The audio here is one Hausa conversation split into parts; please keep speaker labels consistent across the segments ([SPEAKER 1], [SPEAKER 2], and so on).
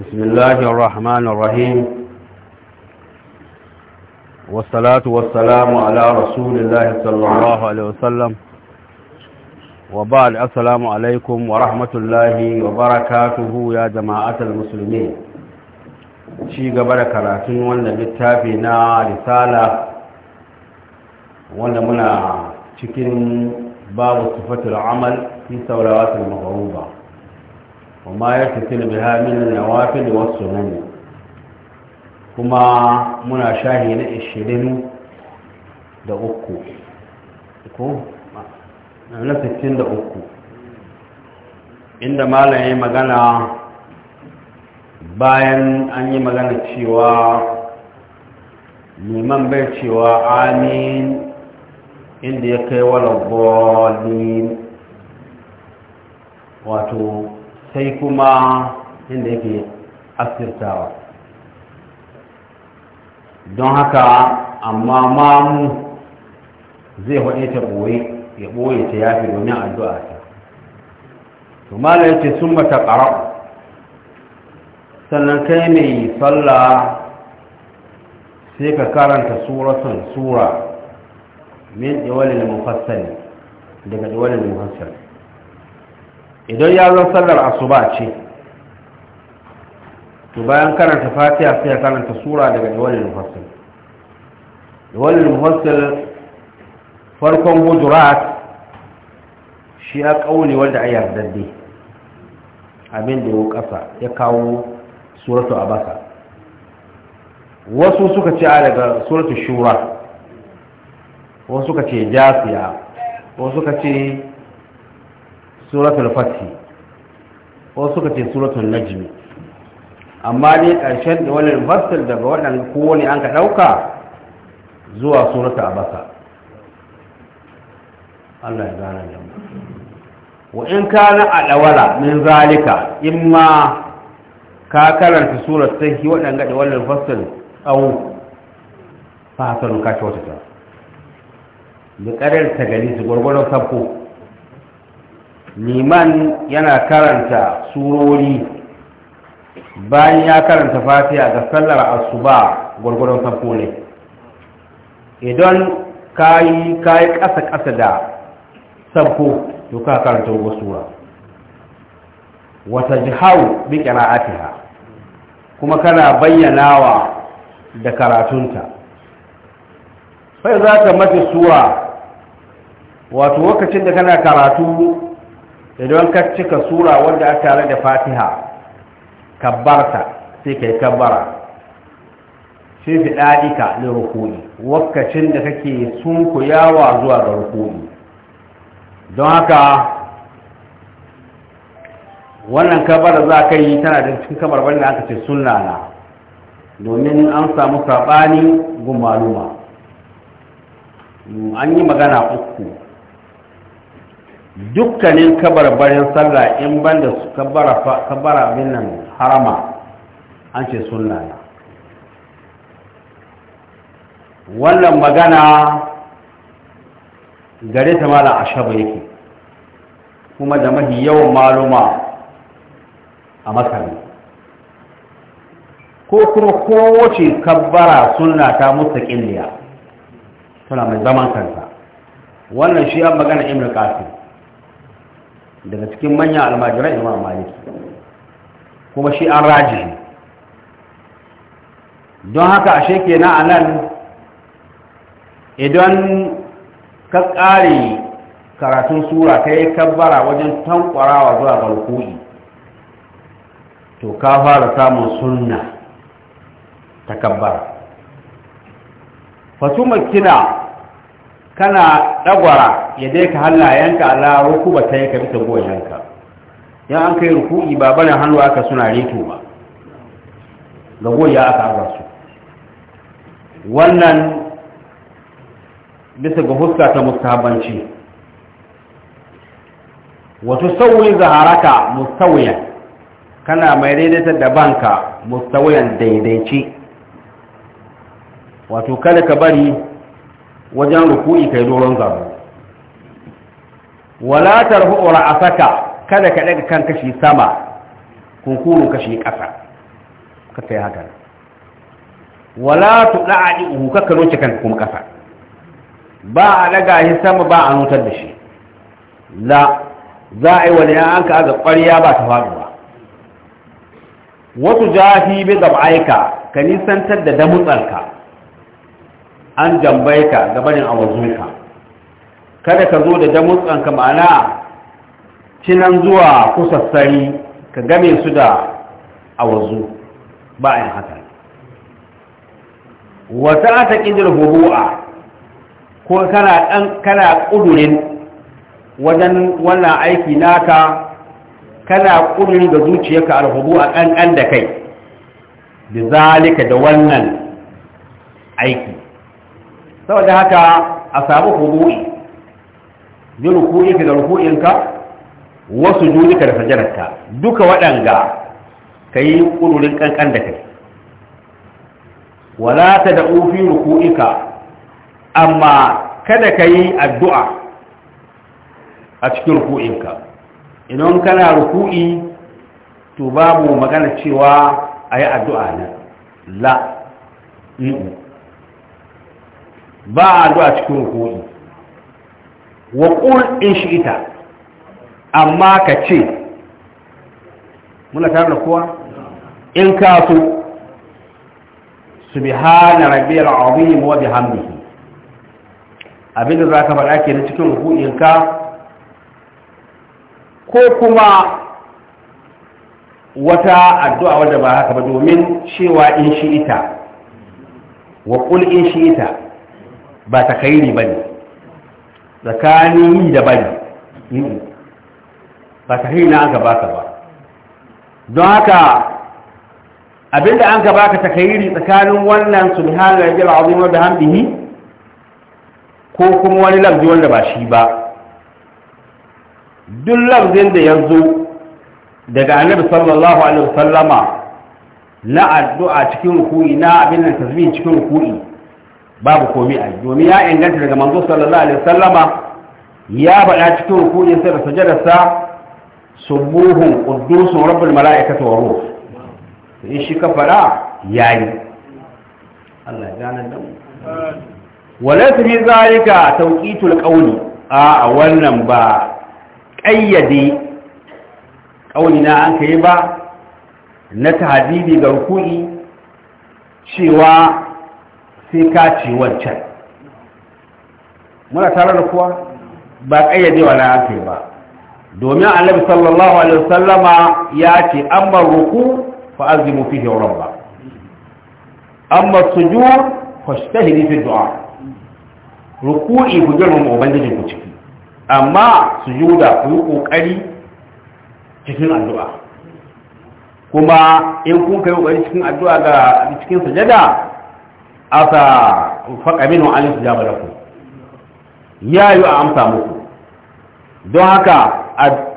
[SPEAKER 1] بسم الله الرحمن الرحيم والصلاة والسلام على رسول الله صلى الله عليه وسلم وبعد السلام عليكم ورحمة الله وبركاته يا جماعة المسلمين شيء قبل كراتين وانا بالتابنا رسالة وانا منا شكين باب صفة العمل في ثورات المغروبة وما يكتل بها من النوافل والسنن كما منا شاهين الشرين da uku ko na uku, inda malam ya magana bayan an yi magana cewa neman bai cewa amin inda ya kai wala bolin wato sai kuma inda yake asirtawa don haka amma mamu zai haɗe ta ɓoye ya ɓoye ta yafi domin addu'a ta to mala sun mata ƙara sannan kai mai sallah sai ka karanta suratun sura min ɗiwalin mufassali daga ɗiwalin mufassali idan ya zan sallar asuba ce to bayan karanta fatiha sai ya karanta sura daga iwalin mufassil iwalin mufassil farkon hujurat shi ya kauli wanda a yardadde abin da ya kasa ya kawo suratu abasa wasu suka ce a daga suratu shura wasu suka ce jasiya wasu suka ce suratul fathi ko suka ce suratul najmi amma ne ƙarshen da wannan fassal daga wannan kowane an ka ɗauka zuwa suratul abasa Allah ya gane da
[SPEAKER 2] mu
[SPEAKER 1] wa in ka kana alawala min zalika ma ka karanta surat surar sahi waɗanda da wannan fassal tsawo fa hasan ka kyautata da ƙarar ta gani su gwargwaron sabko liman yana karanta surori bayan ya karanta fatiha ga sallar asuba gwargwaron safo ne idan kayi kayi ƙasa-ƙasa da sabko to ka karanta wasu sura wata jihau bi qira'atiha kuma kana bayyanawa da karatunta sai za mace sura wato lokacin da kana karatu idan ka cika sura wanda aka tare da fatiha kabbarta sai ka yi kabbara sai fi ɗaɗika da rukuni wakacin da kake sunkuyawa zuwa ga rukuni don haka wannan kabbara za ka yi tana da cikin kabarbar da aka ce sunna na domin an samu saɓani gumaluma an yi magana uku dukkanin kabarbarin sallah in banda su kabara bin nan harama an ce sunna ne wannan magana gare ta mala ashaba yake kuma da mahi yawan maluma a makami ko kuma kowace kabbara suna ta kiliya tana mai zaman kanta wannan shi an magana imar ƙasir daga cikin manyan almajiran imam maliki kuma shi an raji don haka ashe kenan a nan idan ka ƙare karatun sura ka yi kabbara wajen tankwarawa zuwa garkuɗi to ka fara samun sunna ta kabbara fasu makina kana ɗagwara ya dai ka hallayenka ala ba ta yi ka bisa goyenka yan an kai ruku'i ba bane hannu aka suna reto ba ga ya aka aza su wannan bisa ga huska ta mustahabbanci wato sauyin zaharaka mustawiyan kana mai daidaita da banka mustawiyan daidaici wato kada ka bari wajen ruku'i kai doron zaro wala tarfu ra'asaka kada ka daga kan kashi sama kunkurun kashi ƙasa ka sai haka wala tuda'adi uhu kakka roce kan kuma ƙasa ba a daga shi sama ba a nutar da shi la za a yi wani an ka aga ƙwarya ba ta faɗuwa wasu jahi bi gab'aika ka nisantar da damutsanka an jambaika gabanin a awazuka kada ka zo da damutsanka ma'ana cinan zuwa kusassari ka game su da a awazu ba a haka wata ta ƙidar huru'a ko kana ƙudurin wajen wannan aiki naka kana ƙudurin da zuciyarka a ƙanƙan da kai da zalika da wannan aiki saboda haka a samu huru'i bi ruku'ika da ruku'inka wasu sujudika da sajadarka duka waɗanga yi ƙudurin ƙanƙan da kai wala ta da fi ruku'ika amma kada ka yi addu'a a cikin ruku'inka idan kana ruku'i to babu magana cewa a yi addu'a na la ba addu'a cikin ruku'i wa ƙul in ita, amma ka ce muna tare da kuwa? in ka so subhana rabbiyal azim wa bihamdihi abinda za ka faɗa ke na cikin rukuninka ko kuma wata addu'a wadda ba haka ba domin cewa in shi ita wa ƙul in shi ita ba ta kairi ba ne tsakanin yi da bari ba ta hina an ka ba don haka abinda an ka baka ri, tsakanin wannan subhanahu wa ta'ala azim da bihamdihi ko kuma wani lafzi wanda ba shi ba duk lafzin da ya zo daga annabi sallallahu alaihi wasallama na addu'a cikin ruku'i na abin da tasbih cikin ruku'i babu komi a domin ya inganta daga manzo sallallahu alaihi wasallama ya bada cikin rukunin sa da sajadarsa subuhun quddusun rabbul malaikati wa ruh in shi ka fada yayi Allah ya gane da mu walaysa fi zalika tawqitul qawli a wannan ba qayyade qawli na an kai ba na tahdidi ga ruku'i cewa sai ka ce wancan muna tare da kuwa ba ƙayyadewa na sai ba domin annabi sallallahu alaihi wasallama ya ce an bar ruku fa azimu fihi rabba amma sujud fa shtahidi fi du'a ruku'i ku mu ubangijin ku ciki amma sujuda ku yi kokari cikin addu'a kuma in kun kai kokari cikin addu'a ga cikin sujada asa faƙa minu an yi jaba ya yi a amsa muku don haka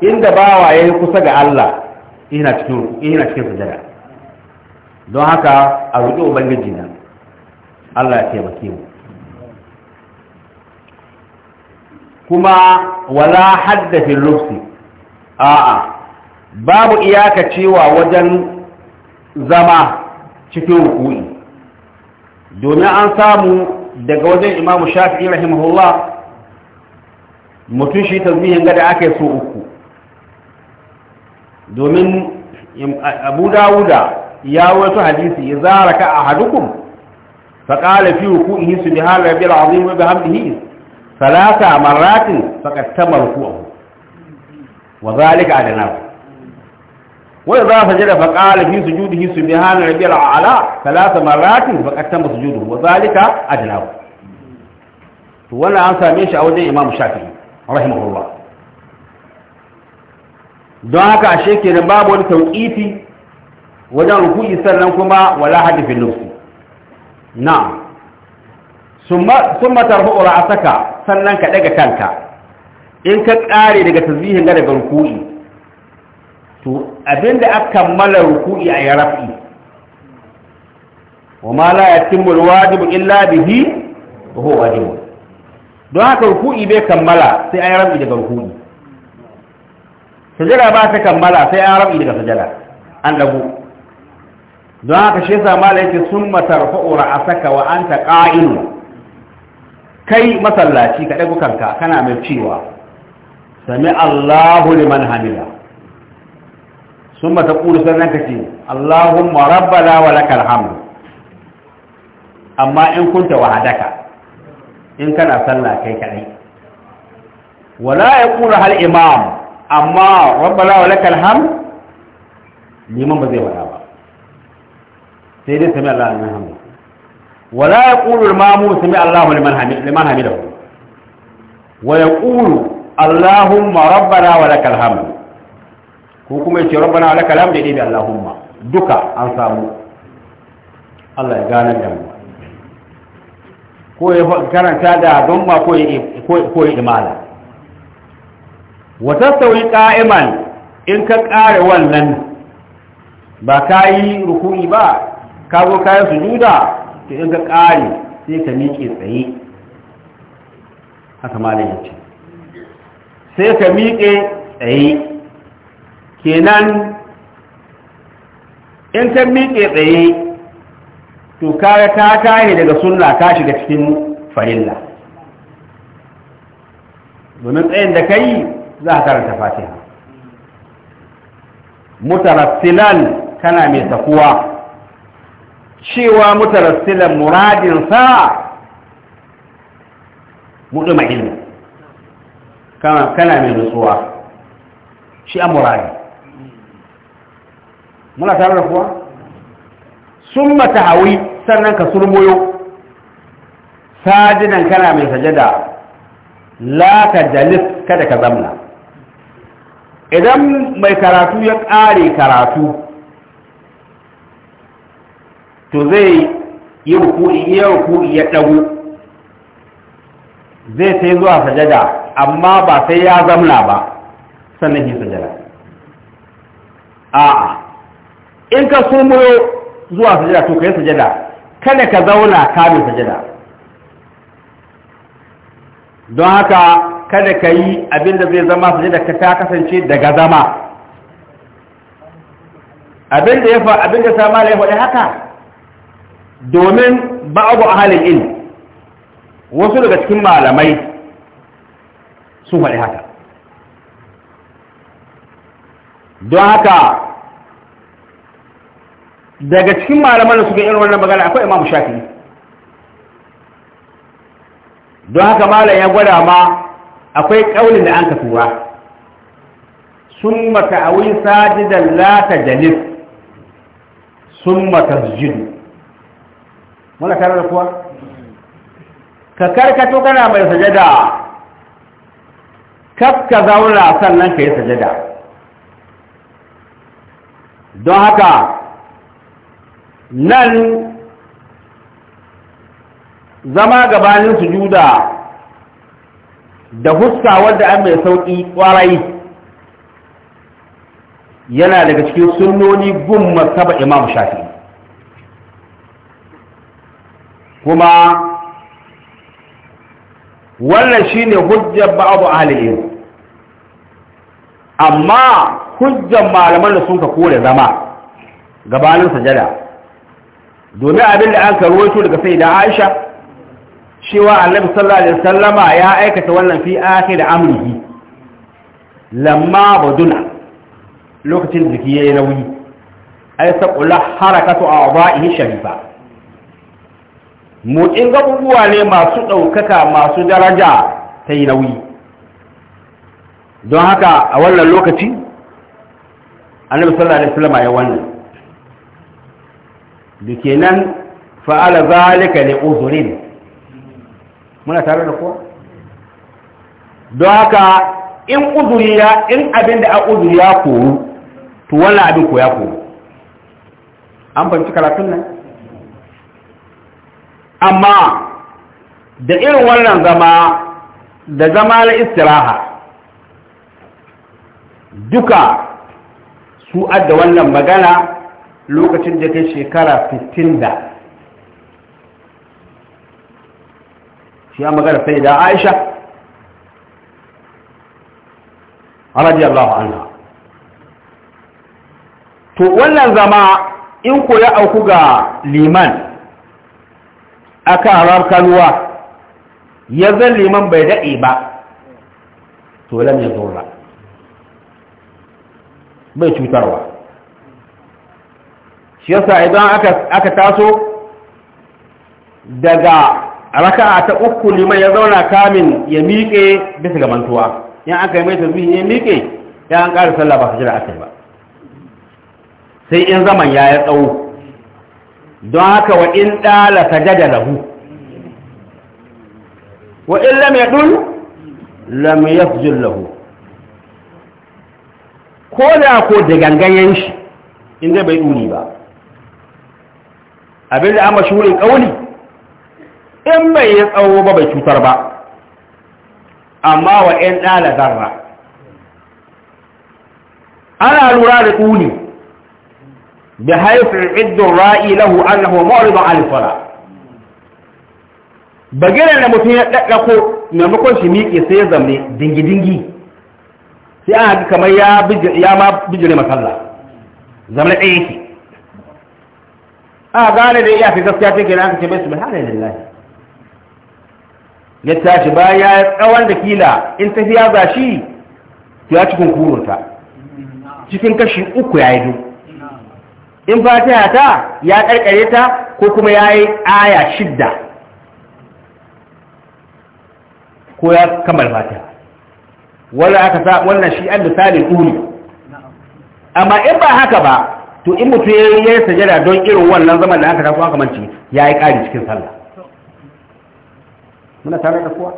[SPEAKER 1] inda bawa ya yi kusa ga Allah ina cikin sujada don haka a roƙi ubangiji na Allah ya taimake mu kuma wala haddafin rufsi a'a babu iyaka cewa wajen zama cikin rukui domin an samu daga wajen imamu shafi'i rahimahullah mutum shi tasbihin gada aka yi so uku domin abu dawuda ya wato hadisi ya zara ka a hadukum faƙala fi ruku'ihi su bi halar rabbi al'azim wa bihamdihi salasa maratin faqad tamar ruku'ahu wa zalika adana وإذا سجد فقال ala, سجوده سبحان ربي الأعلى ثلاث مرات فقد تم سجوده وذلك أدناه ولا أنسى ميش أوجه إمام الشافعي رحمه الله don haka ashe kenan babu wani tauƙifi wajen ruku'i sannan kuma wala hadifin nufsi na summa tarfu'u ra'asaka sannan ka daga kanka in ka ƙare daga tazihin ga daga ruku'i to da aka kammala ruku'i a yarafi wa ma la yatimmu alwajibu illa bihi wa huwa wajib don haka ruku'i bai kammala sai an rabi daga ruku'i sajada ba ta kammala sai an rabi daga sajada an dago don haka shi yasa mala yake summa tarfa'u ra'asaka wa anta ƙa'inu. kai masallaci ka dago kanka kana mai cewa sami Allahu liman hamida ثم تقول سنك اللهم ربنا ولك الحمد أما إن كنت وحدك إن كان صلى كي كأي ولا يقولها الإمام أما ربنا ولك الحمد لمن بزي ولا سيدي سمع الله لمن حمده ولا يقول المامون سمع الله لمن حمده ويقول اللهم ربنا ولك الحمد ko kuma ya ce rabbana laka alhamdu da ya allahumma duka an samu Allah ya gane da mu ko ya karanta da don ma ko ya ko ya imala wa tasawi qa'iman in ka kare wannan ba ka yi rukuni ba ka zo ka yi sujuda to in ka kare sai ka miƙe tsaye haka malamin ce sai ka miƙe tsaye kenan in ta miƙe tsaye to kare ta tare daga sunna ta shiga cikin farilla domin tsayin da ka yi za a karanta fatiha mutarassilan kana mai tafuwa cewa mutarassilan muradinsa mutu ilmi kana mai nutsuwa shi a muradi muna tare da kuwa sun mata hawi sannan ka surmoyo sajinan kana mai sajada la ka jalis kada ka zamna idan mai karatu ya ƙare karatu to zai yi rukuri ya rukuri ya ɗago zai sai zuwa sajada amma ba sai ya zamna ba sannan yi sajada a'a in ka sumuyo zuwa sajada to kai sajada kada ka zauna kamin sajada don haka kada ka yi abinda zai zama sajada ka ta kasance daga zama abinda ya fa abinda sama ya faɗi haka domin a ahalin in, wasu daga cikin malamai sun faɗi haka don haka daga cikin malaman da suka irin wannan magana akwai imamu shafi. don haka malam ya gwada ma akwai kaunin da an ka tura sun mata awi da lata jalif sun mata jidu muna tare da kuwa ka karkato kana mai sajada kaf ka zauna sannan ka yi sajada don haka nan zama gabanin sujuda da huska wadda an mai sauƙi ƙwarai yana daga cikin sunnoni gumma saba imam shafi kuma wannan shi ne hujjar ba'abu ahliyin amma hujjar malaman da sun ka kore zama gabanin sajada domin abin da an karwato daga sai da aisha cewa annabi sallallahu alaihi wasallama ya aikata wannan fi akhir amrihi lamma baduna lokacin jiki yayi nauyi ay saqula harakatu a'dha'ihi sharifa ga gabubuwa ne masu ɗaukaka masu daraja ta yi nauyi don haka a wannan lokaci annabi sallallahu alaihi wasallama ya wannan da kenan fa'ala lika ne uzurin muna tare da kuwa don haka in uzuri ya in abin da a uzuri ya koru to wannan abin ko ya koru an banci karatun nan amma da irin wannan zama da zama na istiraha duka su adda wannan magana lokacin da kai shekara 15 da shi ya magana sai da aisha radiyallahu anha to wannan zama in ko ya auku ga liman aka rarkanuwa ya zan liman bai daɗe ba to lam ya zura bai cutarwa shi yasa idan aka taso daga raka'a ta uku liman ya zauna kamin ya miƙe bisa ga mantuwa in aka yi mai tasbihi ya miƙe ya an ƙara sallah ba ka jira akai ba sai in zaman ya ya tsawo don haka wa in ɗala sajada lahu wa in lam yadul lam jin lahu ko da ko da gangayen shi in zai bai duni ba abinda an mashure kauli in bai ya tsawo ba bai cutar ba amma wa ‘yan ɗala zarra ana lura da kuli bi haifin iddon ra'i lahu an na homo Ba gina da mutum ya ɗaɗɗako maimakon shi miƙe sai ya zamne dingi-dingi sai an haka kamar ya ma bijire masalla zamne ɗaya yake a gane da iyaka gaskiya take na aka ce bai subhanallahi ya tashi bayan ya tsawon da kila in ya gashi, shi ya cikin kurunta cikin kashi uku ya yi duk in fatiha ta ya karkare ta ko kuma ya yi aya shidda ko ya kamar fatiha wannan aka sa wannan shi an misalin uri amma in ba haka ba to in mutu ya yi sajada don irin wannan zaman da aka tafi aka manci ya yi ƙari cikin sallah muna tare da kuwa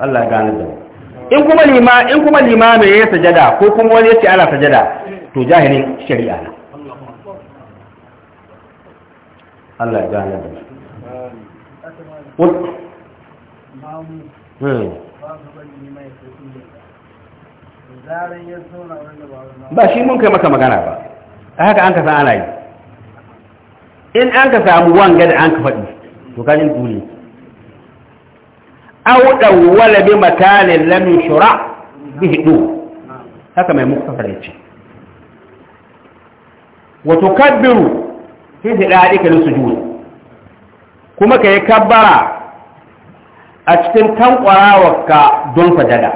[SPEAKER 1] Allah ya gane da in kuma lima in kuma lima mai ya sajada ko kuma wani ya ce ana sajada to jahilin shari'a na.
[SPEAKER 2] Allah ya gane da hmm. ba shi mun kai maka
[SPEAKER 1] magana ba haka an ka san ana yi in an ka samu wanga da an ka faɗi to ka jin tsuri aw wala bi matalin lam shura bi hidu haka mai muktasar yace wa tukabbiru fi su lisujud kuma kai kabbara a cikin tankwarawar ka don sajada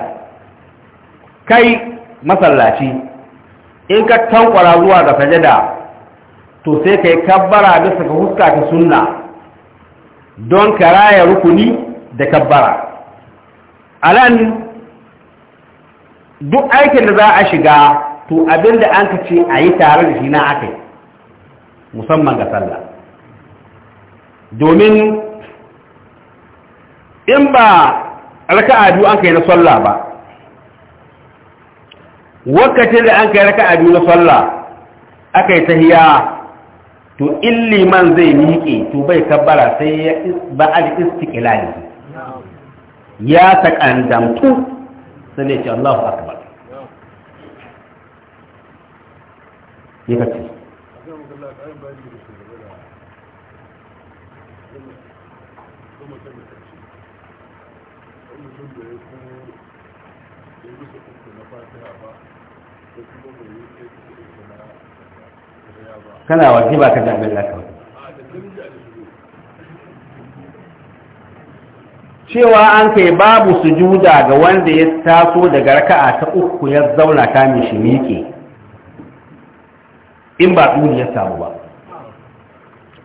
[SPEAKER 1] kai masallaci in ka tankwara zuwa ga sajada to sai ka yi kabbara bisa ga huska ta sunna don ka raya rukuni da kabbara a duk aikin da za a shiga to abinda an ka ce a yi tare da shi na aka musamman ga sallah domin in ba raka'a biyu an kai na sallah ba wakacin da an kai raka a biyu na sallah aka yi tahiya to in liman zai miƙe to bai tabbara sai ya ba'ad istiqlali ya takandamtu sai ne ce Allahu akbar
[SPEAKER 2] kana waje ba ka
[SPEAKER 1] jami'in laka ba cewa an kai babu sujuda ga wanda ya taso daga raka'a ta uku ya zauna mai shi miƙe in ba ɗuli ya samu ba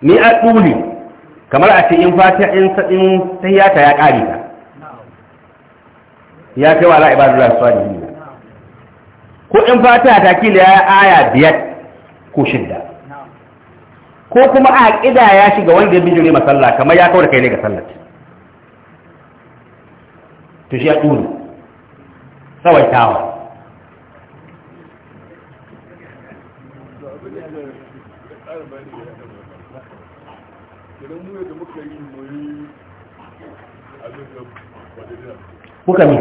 [SPEAKER 1] ni a ɗuli kamar a ce in fata in sa'in tahiyata ya ƙare ta ya kai wa la'ibadu da su ko in fata ta kila ya aya biyar ko shidda ko kuma a ƙida ya shiga wanda ya bijire masalla kamar ya kawar kai ne ga sallat to shi ya ɗuri tawa kuka ne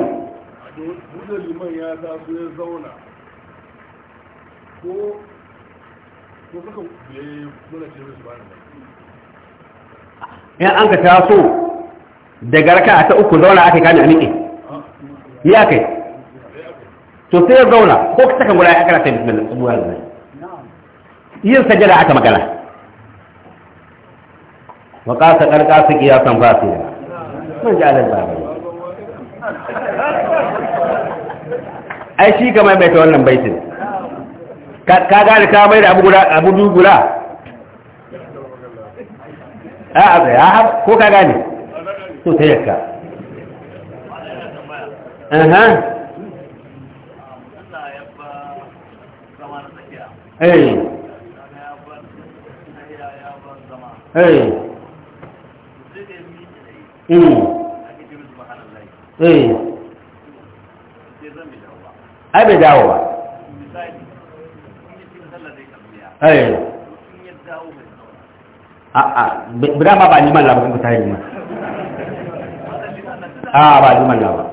[SPEAKER 1] ko in an ka taso daga raka ta uku zauna aka kani a miƙe ni aka yi to sai ya zauna ko ka saka guda ya karata bismillah sabuwar zai yin sajada aka magana wa kasa karka su kiyasan fasira mun ji alal babu ai shi ga mai baita wannan baitin ka gane ka mai da abu guda abu guda a ko ka gane to ta yaka? aha
[SPEAKER 2] eh eh eh
[SPEAKER 1] ai bai dawo ba Eh. a'a ah, ah. ba dama ba liman labarin ku ta yi liman a ah, ba liman labar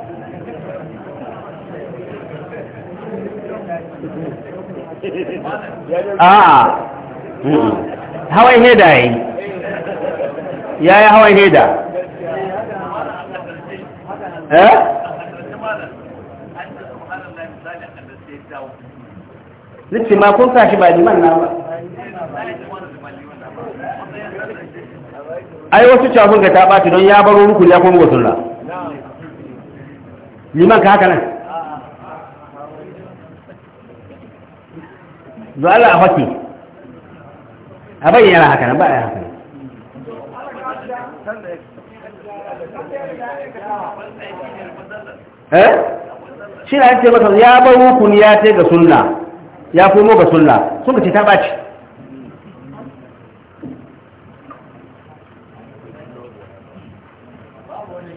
[SPEAKER 1] a'a hawan heda ya yi ya yi hawan heda
[SPEAKER 2] eh nitsi ma kun kashi ba liman na ba ai wasu cafin ga ta
[SPEAKER 1] ɓaci don ya baro rukun ya kuma sunna liman ka haka nan zo Allah a faki
[SPEAKER 2] a bayyana haka nan ba a haka nan eh shi
[SPEAKER 1] na yake masa ya baro rukun ya ce ga sunna ya komo ga sunna sun ka ce ta ɓaci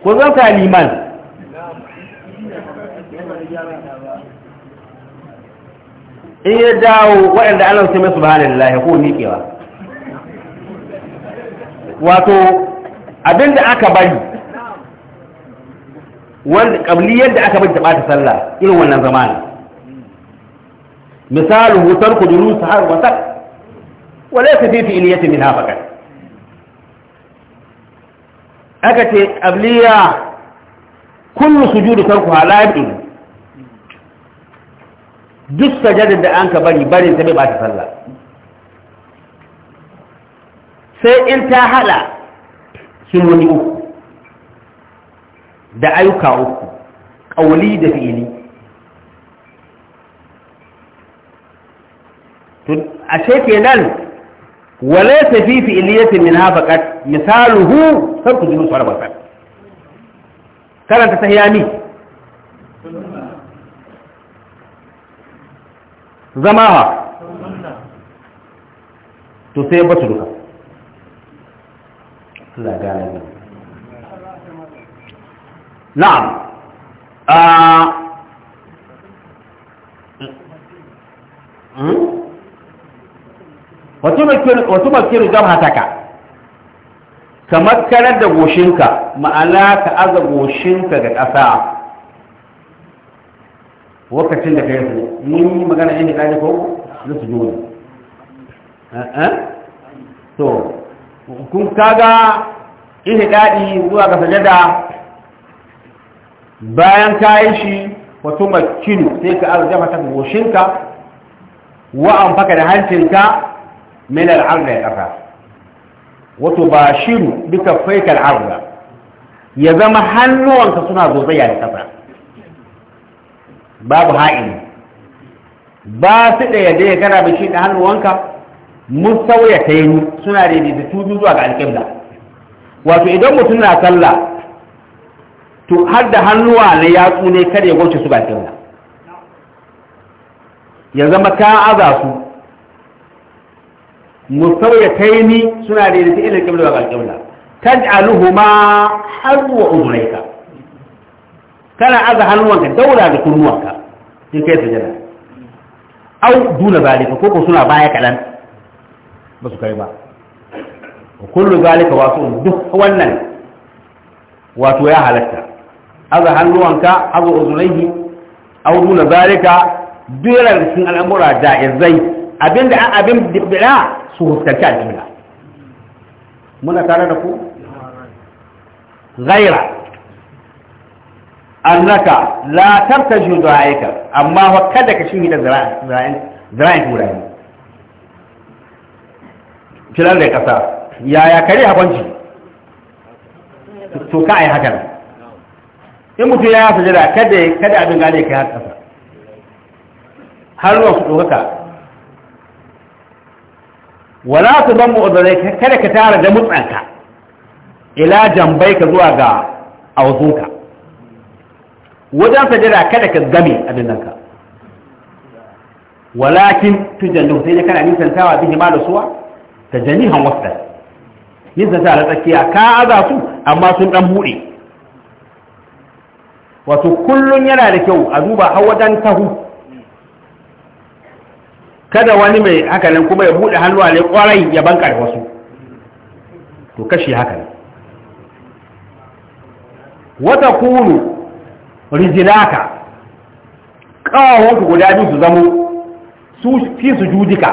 [SPEAKER 2] ko zan ka liman
[SPEAKER 1] in ya dawo waɗanda ana sai masu bahanin lahi ko miƙewa wato abinda aka bari wanda ƙabli yadda aka bari ta sallah irin wannan zamanin misalin hutar ku juru su har wasan wale su fi fi iliyata min hafakan aka ce kullum kullu juri sarku halabi duk sajadar da an ka bari barin ta bai bata sallah sai in ta hada sunoni uku da ayyuka uku kawali da fili, to ashe وليس في إليه منها فقط مثاله ترك الجلوس على بركات كانت سهيامي زماها تسيب بسرها لا قال نعم آه. wasu bakiru jamhataka kamar karar da goshinka ma'ana ka aza goshinka ga ƙasa wakacin da ka yi su mun yi magana yin da ko na su juna so eh, eh? kun kaga ihe daɗi zuwa ga sajada bayan ka yi shi wasu makinu sai ka aza jafa ta goshinka wa'an faka da hancinka min al'arda ya ƙasa wato ba shiru duka faikar arda ya zama hannuwanka suna zozaya da ƙasa babu ha'in ba su da yadda ya gara da hannuwanka mun sauya ta yi suna da tudu zuwa ga alƙibla wato idan mutum na sallah to har da hannuwa na yatsu ne kada ya gwauce su ba ƙibla ya zama ka aza su musawwataini suna da yadda ilal qibla wa qibla taj'aluhuma halu wa umrayka kana aza hannuwanka daura da kunnuwanka in kai sujada au duna zalika ko ko suna baya kadan ba su kai ba kullu zalika wasu duk wannan wato ya halatta aza hannuwanka aza uzunaihi au duna zalika duk cikin al'amura da izai abinda an abin bid'a su huskanci alƙibla muna tare da ku ghaira annaka la tartaju du'aika amma wa kada ka shi da zira'in zira'in turai filan da kasa yaya kare hakanci to ka ai hakan in mutum ya sujada kada kada abin gane kai haka har wasu su wala su ban mu'udurai kada ka tara da mutsanka ila jambai ka zuwa ga awazunka wajen sajada kada ka game abin nan tujan da tujallu sai kana nisantawa bihi ma da suwa ta janihan wasta nisanta da tsakiya ka aza su amma sun dan buɗe wato kullum yana da kyau a duba hawadan tahu kada wani mai hakanan kuma ya buɗe hannu a kwarai ya banka da wasu to kashe haka ne wata kunu rijilaka ƙawawanku guda biyu su zamo su fi su judika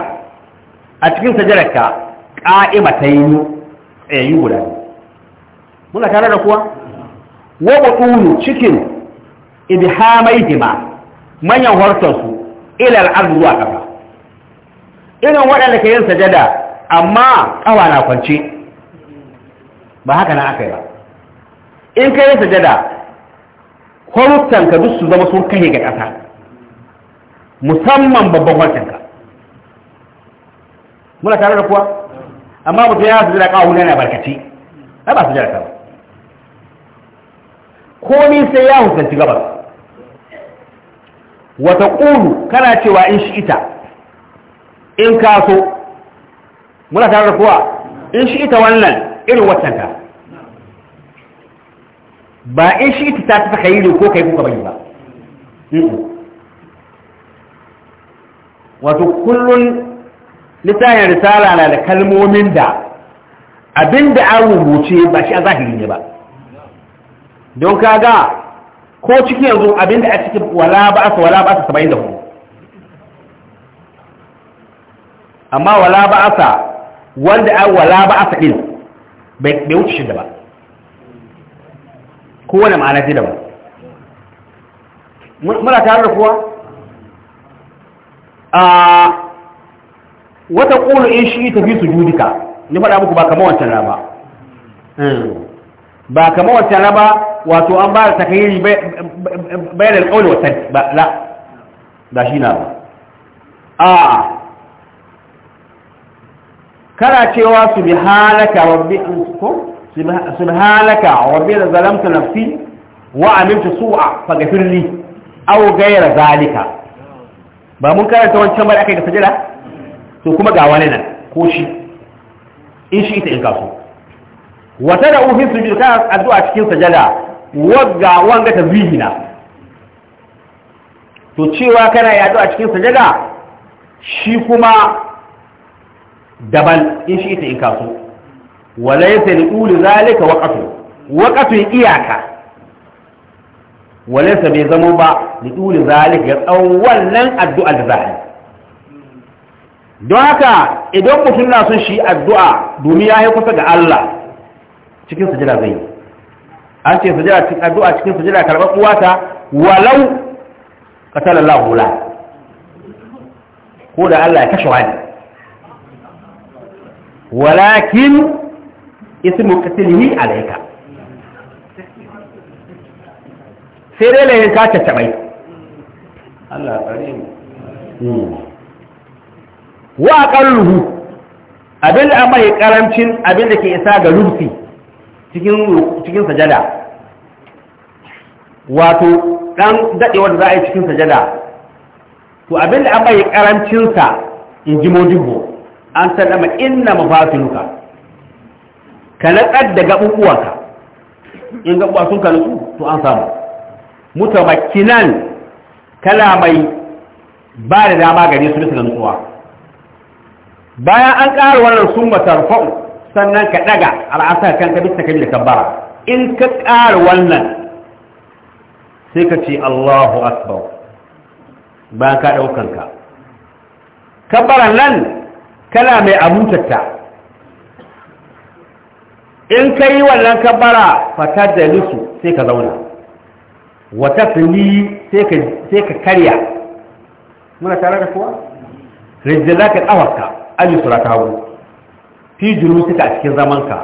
[SPEAKER 1] a cikin sajararka ƙa'ima ta yi tsayayyu guda biyu muna tare da kuwa wata cikin cikin idhamaihima manyan hortonsu ilal arzuwa zuwa ƙafa irin waɗanda ke yin sajada amma ƙawa na kwance ba haka na aka yi ba in ka yi sajada kwarutanka duk su zama sun kahe ga ƙasa musamman babban kwartanka muna tare da kuwa amma mutum ya sujada ƙawa wuna na barkaci ai ba kawai ba ni sai ya hukunci gabas wata ƙuru kana cewa in shi ita in ka so muna tare da kuwa in shi ita wannan irin wannan ka ba in shi ita ta tafi kai ko kai kuka bari ba wato kullun littafin risala na da kalmomin da abinda an rubuce ba shi a zahiri ne ba don kaga ko ciki yanzu abinda a cikin wala ba su wala ba da 74 amma wala asa wanda an wala asa din bai wuce shi da ba kowane ma'ana da ba muna tare da kuwa a wata ƙulu in shi tafi su judika ni faɗa muku ba kama wancan na ba ba kama wancan na ba wato an ba da takayiri bayan alƙawar watan ba la ba shi na ba a kana cewa subhanaka rabbi ko subhanaka rabbi da zalamta nafsi wa amiltu su'a faghfir li aw ghayra zalika ba mun karanta wancan bar akai da sajada to kuma ga wani nan ko shi in shi ita in kaso wata da ofin sujud kana addu'a cikin sajada wagga wanga ta zihina to cewa kana yi addu'a cikin sajada shi kuma daban in shi ita in kaso walaysa li quli zalika waqtu waqtu iyaka walaysa bai zama ba li quli zalika ya tsawon wannan addu'a da zahiri don haka idan mutum na son shi addu'a domin ya yi kusa ga Allah cikin sujada zai yi an ce sujada cikin addu'a cikin sujada karɓar uwata walau Allah la ko da Allah ya kashe wani walakin ismu qatlihi alayka sai dai lahin ka tattabai Allah karim hmm. abin da mai karamcin abin da ke isa ga rufi cikin sajada wato ɗan daɗe wanda za a yi cikin sajada to abin da mai karamcinsa in ji mojibbo an sallama inna mafasiluka ka natsar da gaɓuɓuwanka in gaɓuɓuwa sun ka nutsu to an samu mutamakkinan kana mai ba da dama gare su bisa nutsuwa bayan an ƙara wannan sun matarfa'u sannan ka ɗaga al'asar kanka kai kabi da kabbara in ka ƙara wannan sai ka ce Allahu Akbar bayan ka ɗaukanka kabbaran nan kana mai abutatta in ka yi wannan kabbara fata da lusu sai ka zauna wata fili sai ka karya muna tare da kuwa rijjala ka tsawarka alisura ta hagu fi juru suka a cikin zamanka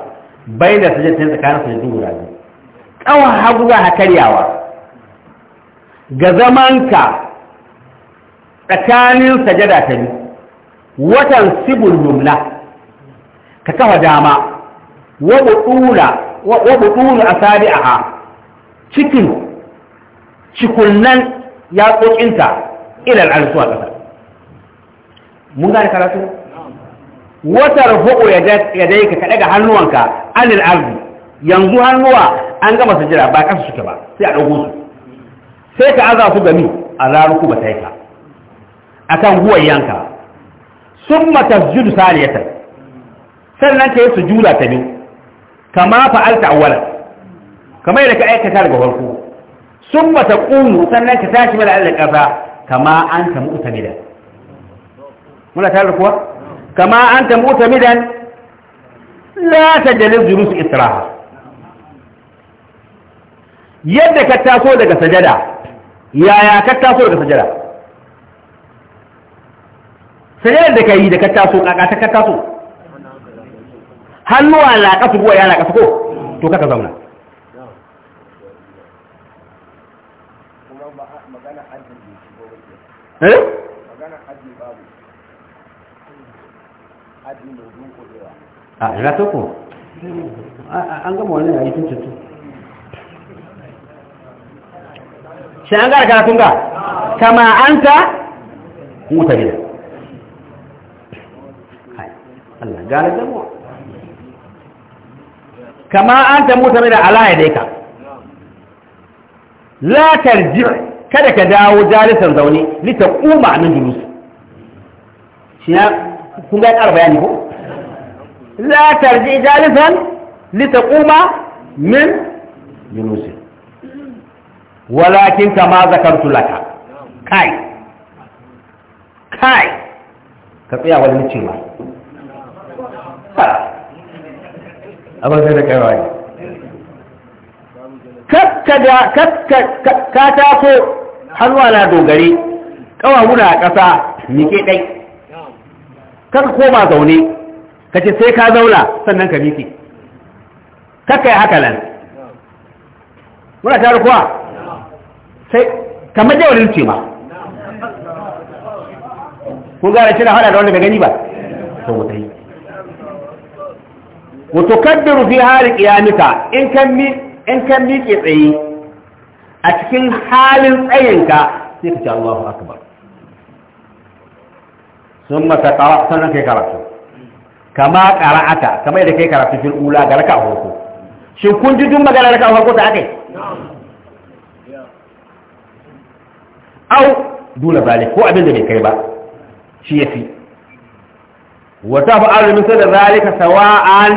[SPEAKER 1] bai da sajadatin tsakanin sajadin guda biyu tsawon hagu za ka karyawa ga zamanka tsakanin sajada ta biyu watan sibul jumla ka kafa dama wa a wa a asabi'aha cikin cikunnan yaƙoƙinta ilal arzuwa ƙasa mun gane karatu watar hu'u ya dai ka kaɗa ga hannuwanka anil arzu yanzu hannuwa an gama su jira ba ƙasa suke ba sai a ɗago su sai ka aza su gami a raruku ba ta yi ka a kan guwayyanka sun matasjudu saniyatar sannan ka yi su sujuda ta biyu kama fa'alta awwalan kamar yadda ka aikata daga farko sun mata ƙunu sannan ka tashi mala da ƙasa kama an ta uta midan muna tare kuwa kama an ta uta midan la ta jalin su istiraha yadda ka taso daga sajada yaya ka taso daga sajada sayar da ka da kattaso kaka ta kattaso hannuwa na kasu buwa ya na kasu ko to kaka zauna eh a ina ta ko an gama wani yayi tun tuntun shi an gara karatun ka kama an ta mutane Allah gane mu kama an ta mutu da ala ya dai ka la tarji kada ka dawo jalisan zaune li ta kuma nan julusi shi na kun ga ƙara bayani ko la tarji jalisan li ta kuma min julusi walakin kama zakartu laka
[SPEAKER 2] kai kai
[SPEAKER 1] ka tsaya wani cewa abin sai da kai ne. kakka da kakka ka tako hannuwa na dogare kawahuna a ƙasa ke ɗai kaka koma zaune ka ce sai ka zauna sannan ka miƙe kakka ya haka nan muna tare kuwa sai kamar jawalin ce ma
[SPEAKER 2] kun gara shi na hada da wanda bai gani ba sau mutane Moto kadda rufi har
[SPEAKER 1] qiyamita in kan miƙe tsaye a cikin halin tsayinka, sai ka ci aɗuwa ko asuma. Sun masa ƙara'a kai karatu. Kama ƙara'ata, kama idan kai karatu sun ula gari ka aure Shin kun ji tun ma gari gari ko ta ake? Au, du na zane ko abin da bai kai ba, shi yafi wata fa'ar misal da zalika sawa'an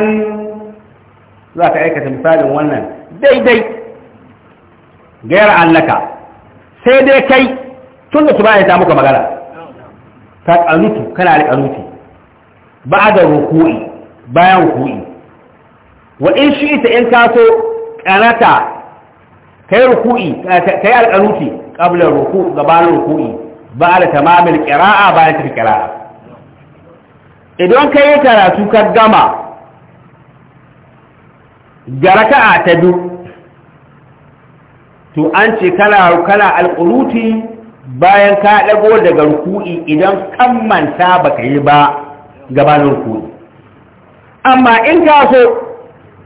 [SPEAKER 1] za ka aikata misalin wannan daidai gayar allaka sai dai kai tun da su ba ya ta muka magana ta ƙanutu kana da ƙanuti ba da rukui bayan rukui wa in shi ita in kaso ƙanata kai rukui kai alƙanuti ƙablar ruku'i, gabanin rukui ba da tamamin ƙira'a bayan tafi ƙira'a idan ka yi karatu ka gama ga raka'a ta duk, to an ce kana kana alƙuluti bayan ka ɗago daga ruku'i idan kan manta baka yi ba gabanin ruku'i amma in ka so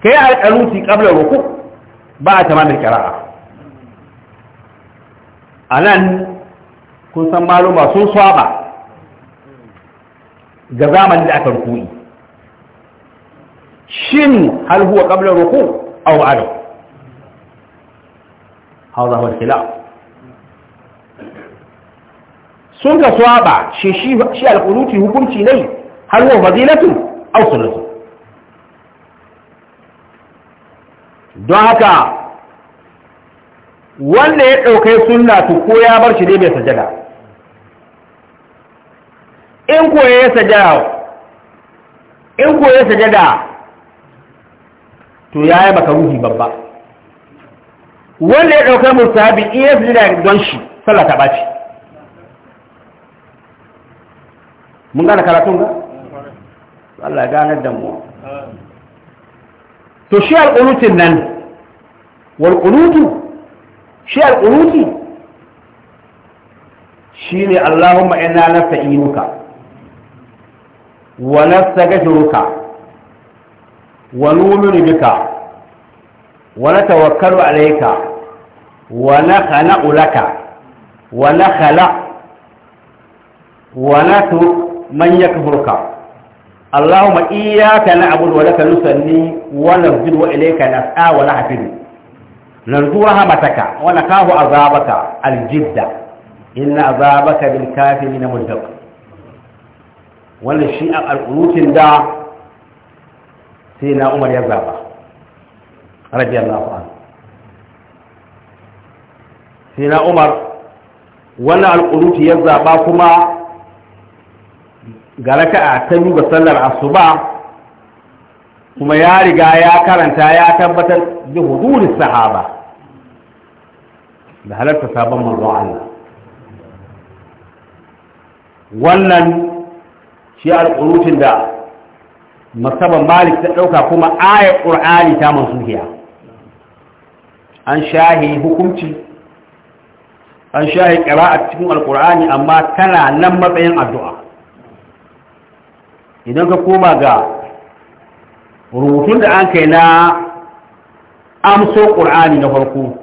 [SPEAKER 1] ka yi alƙaluti ruku ba a mai kira'a a nan kun san maluma sun swaba ga zamanin da aka rukui shin hal huwa qabla ruku aw ba'da hada huwa khilaf sun ga swaba shi shi shi alqunuti hukunci ne hal huwa fadilatu aw sunnatu don haka wanda ya dauke sunna to ko ya bar shi ne bai sajada in kuwa ya sajada in kuwa ya sajada to ya yi baka ruhi babba wanda ya ɗaukar musabi in ya sajada don shi sallata ta ɓaci mun gane karatun ga? Allah ya ganar da mu to shi al'unutin nan wal'unutu shi al'unuti shi ne Allahumma ina nasta'inuka wa nastaghfiruka wa nu'minu bika wa natawakkalu alayka wa nakhla'u laka wa nakhla' wa natu man yakfurka Allahumma iyyaka na'budu wa laka nusalli نرجو رحمتك ونخاف عذابك الجدة إن عذابك بالكافرين ملحق wannan shi a alƙunutin da sai na umar ya zaɓa radiyallahu anhu sai na umar wannan alƙunuti ya zaɓa kuma ga a ta yi ga sallar asuba kuma ya riga ya karanta ya tabbatar da hudurin sahaba da halarta sabon manzon Allah wannan shi alƙurutun da musamman malik ta ɗauka kuma ayar ƙur'ani ta mansuhiya an shahi hukunci an shahi a cikin alƙur'ani amma tana nan matsayin addu'a idan ka koma ga rubutun da an kai na amso ƙur'ani na farko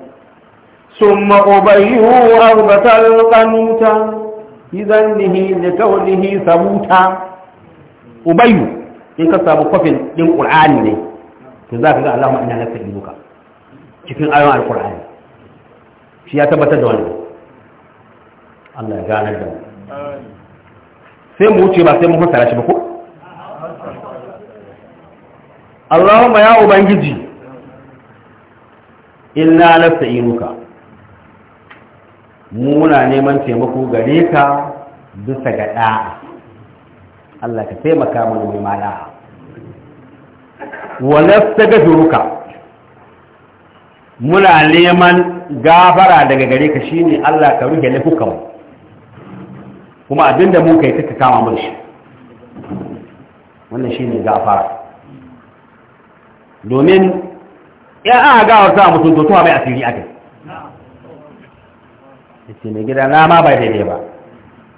[SPEAKER 1] sun maƙobayihu arbatar ƙanuta izan nihi da nihi sabuta ubayyu in ka samu kwafin din qur'ani ne to za ka ga Allahumma inna muka, cikin ayoyin alqur'ani shi ya tabbatar da wannan Allah ya ganar da mu sai mu wuce ba sai mu fassara shi ba ko Allahumma ya ubangiji inna nasta'inuka mu muna neman taimako gare ka bisa ga da'a Allah ka taimaka mana mai ta wala tagaduruka muna neman gafara daga gare ka shine Allah ka rufe laifukan kuma abinda mun kai ta kama mun shi wannan shine gafara domin ya an haga wa sa mutum to tuwa mai asiri akai ce mai gida na ma bai daidai ba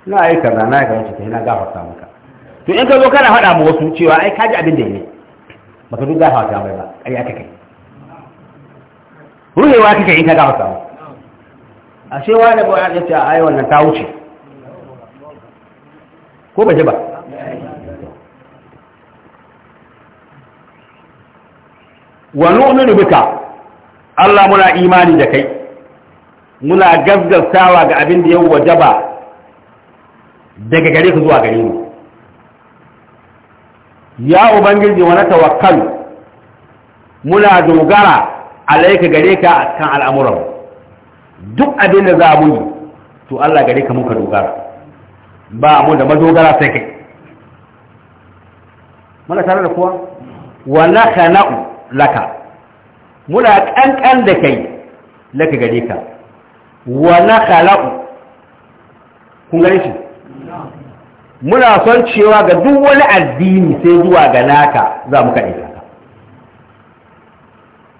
[SPEAKER 1] na aika na na ga wacce ta na gafarta maka to in ka zo kana faɗa mu wasu cewa ai kaji abin da ya yi baka duk gafa ta mai ba ai aka kai ruhewa kake in ka gafa samu? a shewa wani ba ya ce ai wannan ta wuce ko ba ji ba wa nu'minu bika Allah muna imani da kai muna gaggausawa ga abin da ya wajaba daga gare ka zuwa gare mu ya ubangiji na tawakkal muna dogara alaika gare ka kan al'amuran duk abin da za mu yi to Allah gare ka muka dogara ba mu da madogara sai kai muna tare da kuwa wa khana'u laka muna kankan da kai laka gare ka wa khala'u kun gare shi muna son cewa ga duk wani addini sai zuwa ga naka za mu kaɗe ka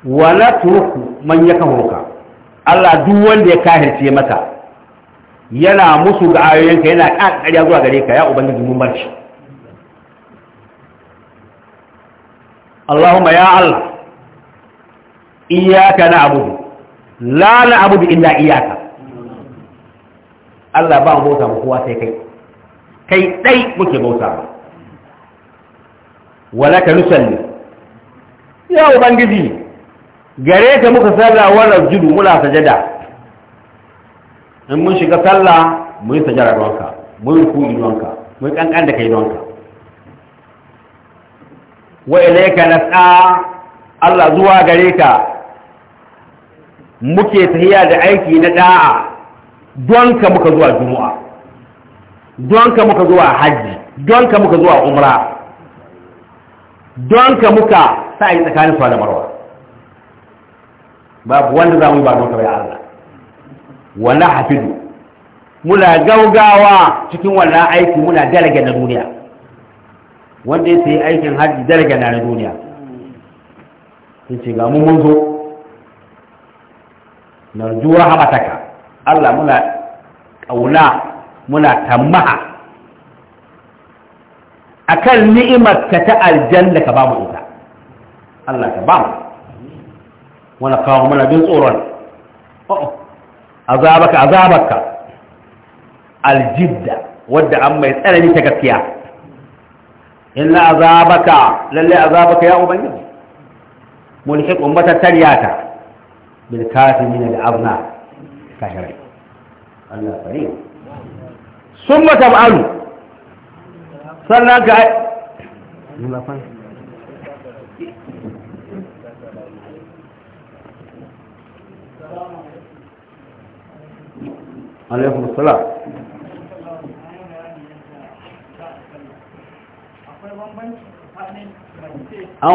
[SPEAKER 1] wala turku man ya kahuka Allah duk wanda ya kahirce maka yana musu ga ayoyinka yana ƙarƙariya zuwa gare ka ya ubangiji mun bar shi Allahumma ya Allah iyaka na abudu la na abudu illa iyaka Allah ba mu bauta mu kowa sai kai kai ɗai muke bauta ba. wala ka nusalli ya ubangiji gare ka muka sallah wa rajulu muna sajada in mun shiga sallah mun yi sajada ruwanka mu yi kuɗi ruwanka mu yi kankan da kai ruwanka wa ilayka nas'a Allah zuwa gare ka muke tahiya da aiki na da'a don ka muka zuwa juma'a don ka muka zuwa hajji don ka muka zuwa umra don ka muka sa yi tsakanin suwa da marwa babu wanda za mu yi ba don ka bai Allah wala hafidu muna gaugawa cikin wannan aiki muna dalage na duniya wanda ya sai aikin hajji dalage na duniya sun ce ga mun zo Na juwa haɓataka Allah muna ƙauna muna tambaha akan ni'imar ka ta aljanna ka bamu ita Allah ka bamu. wani kawo muna bin tsoron oh, oh. azabaka azabaka aljidda wadda an mai tsanani ta gaskiya in illa azabaka lalle azabaka ya ubangiji mulhiq ummata tariyata bil kafirin da azna kafirai Allah karim sun ba'alu sannan ka alaikun an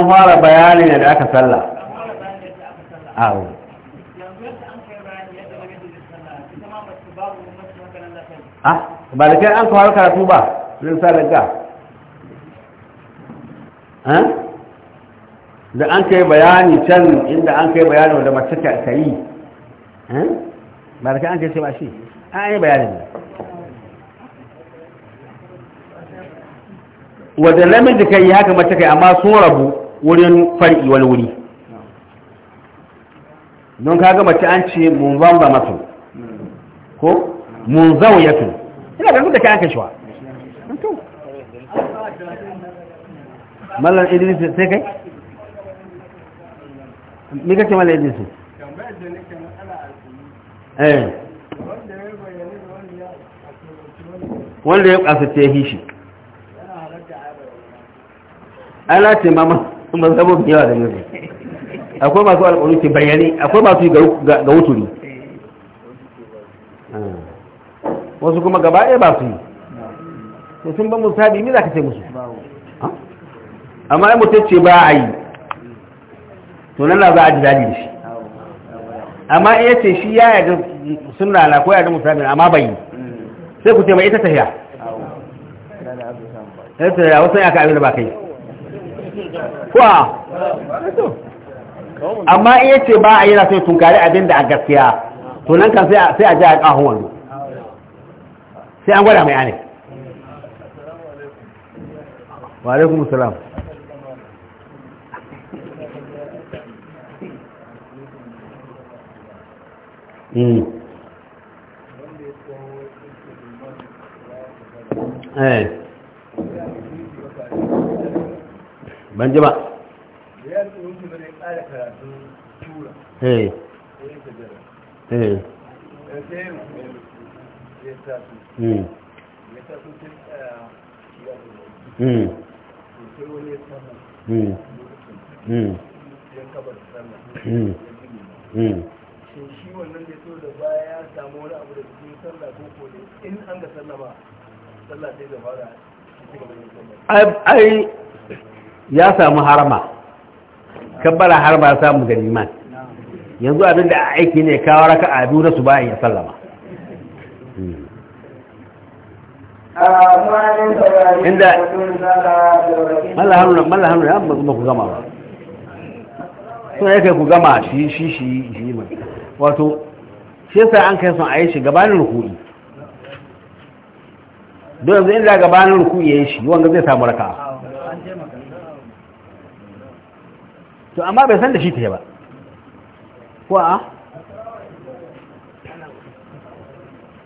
[SPEAKER 2] fara ne da
[SPEAKER 1] aka salla, awo ba da kai an kawar karatu ba zai sa daga da an kai bayani can inda an kai bayani wanda mace ta yi ba da kai an kai ce ba shi an yi bayani ne wadda lamin da kai haka mace kai amma sun rabu wurin far'i wani wuri don kaga mace an ce mun zamba masu ko mun zau zauyatu ina da muka kayan kashewa
[SPEAKER 2] mallan idris sai kai
[SPEAKER 1] me kake mallan idris eh wanda ya kasace shi ala ce mama mazhabin yawa da yanzu akwai masu alƙaluci bayani akwai masu ga wuturi wasu kuma gaba ɗaya ba su yi to sun ban musu haɗi ne za ka ce musu amma in mutum ce ba a yi to nan za a ji daɗi da shi amma in yace shi ya yarda sunna na ko da musabi amma bai yi sai ku ce mai ita tahiya ita tahiya wasu ya ka abin da ba kai
[SPEAKER 2] ko amma in yace ba a yi na sai
[SPEAKER 1] tunkari abin da a gaskiya to nan kan sai a ji a ƙahon wani sai an gwada mai ane wa alaikum salam hmm. eh. ban ji ba
[SPEAKER 2] ya eh. eh. Hmm. Hmm. Hmm.
[SPEAKER 1] ai ya samu harma
[SPEAKER 2] kabbala harma
[SPEAKER 1] samu da liman yanzu abinda aiki ne kawo raka a biyu na su bayan ya sallama
[SPEAKER 2] inda malla haruna malla haruna ya
[SPEAKER 1] ba ku gama ba suna yake ku gama shi shi shi shi mai wato shi yasa an kai son a yi shi gabanin rukuni don yanzu inda gabanin rukuni ya yi shi wanda zai samu raka to amma bai san da shi ta ba ko a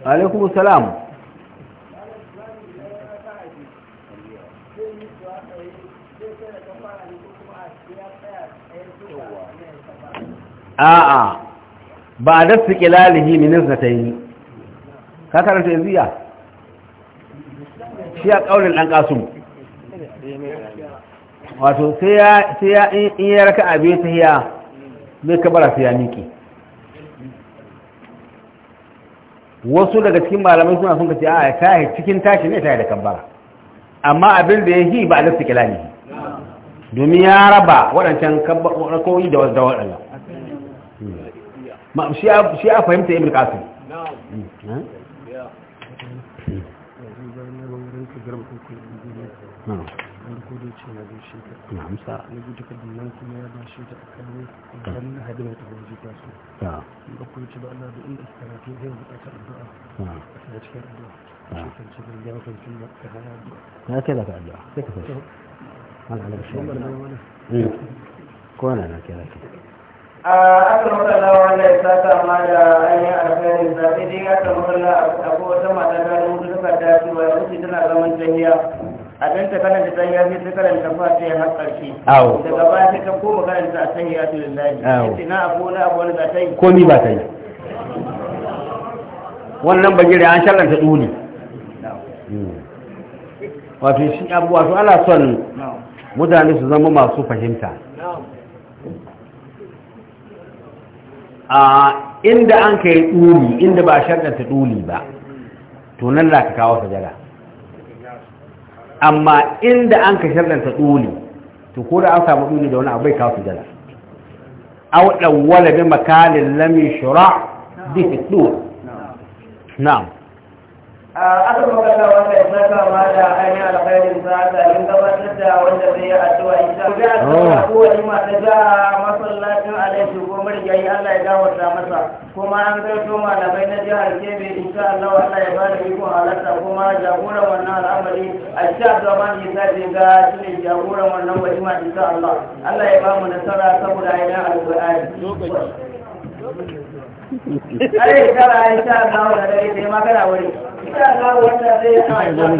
[SPEAKER 1] alaikumussalam a'a ba da su kilalihi minista ta yi ka karanta yanzu shi a ƙaunin ɗan ƙasun wato sai ya in ya raka abin ta hiya mai kabara sai ya miki wasu daga cikin malamai suna sun kace a ta yi cikin tashi ne ta yi da kabara amma abin da ya yi ba a da su kilalihi domin ya raba waɗancan kabbarokoyi da wasu da waɗannan
[SPEAKER 2] shi a fahimta ibn qasim لا كذا فعل نعم نعم ما نعم شيء. نعم نعم نعم نعم
[SPEAKER 1] aka maka na wanda ya saka ma da ainihin alkhairin zaɓe dai ya samu kalla abu wata mata ta da mutu suka dace wa ya wuce tana zaman jahiya a dan ta karanta tahiya sai ta karanta fata ya har ƙarshe daga baya sai ta koma karanta a tahiya su lillahi sai na abu na abu wani za
[SPEAKER 2] ta yi ko ni ba ta yi
[SPEAKER 1] wannan bagire an shallanta duni wato shi abuwa su ana son mutane su zama masu fahimta inda an ka yi ɗuli inda ba sharɗanta ɗuli ba to nan za ka kawo sajada amma inda an ka sharɗanta ɗuli to ko da an samu ɗuli da wani abu bai kawo sajada aw ɗawwala bi makalin lam yushra bihi ɗul na'am aka maka da wanda ya saka ma da ainihin alkhairin sa ta yin gabatar da wanda zai yi addu'a insha Allah ga addu'a ko wani ma ta ga masallacin alaihi ko marigayi Allah ya gawarta masa kuma an gaito malamai na jihar Kebbi insha Allah Allah ya bada iko halarta kuma jagoran wannan al'amari a sha zaman yi ta ga shine jagoran wannan walima insha Allah Allah ya ba mu nasara saboda ainihin alkur'ani.
[SPEAKER 2] Ai, kara insha Allah da dai dai magana wuri. Allah wanda zai